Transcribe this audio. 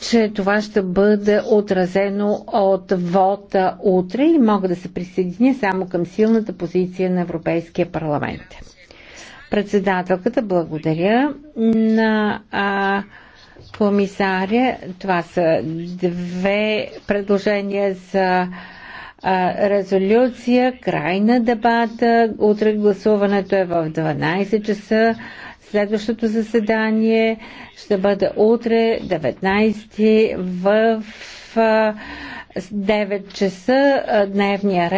че това ще бъде отразено от вода утре и мога да се присъединя само към силната позиция на Европейския парламент. Председателката благодаря на а, комисаря. Това са две предложения за а, резолюция, край на дебата. Утре гласуването е в 12 часа. Следващото заседание ще бъде утре 19 в 9 часа. Дневния ред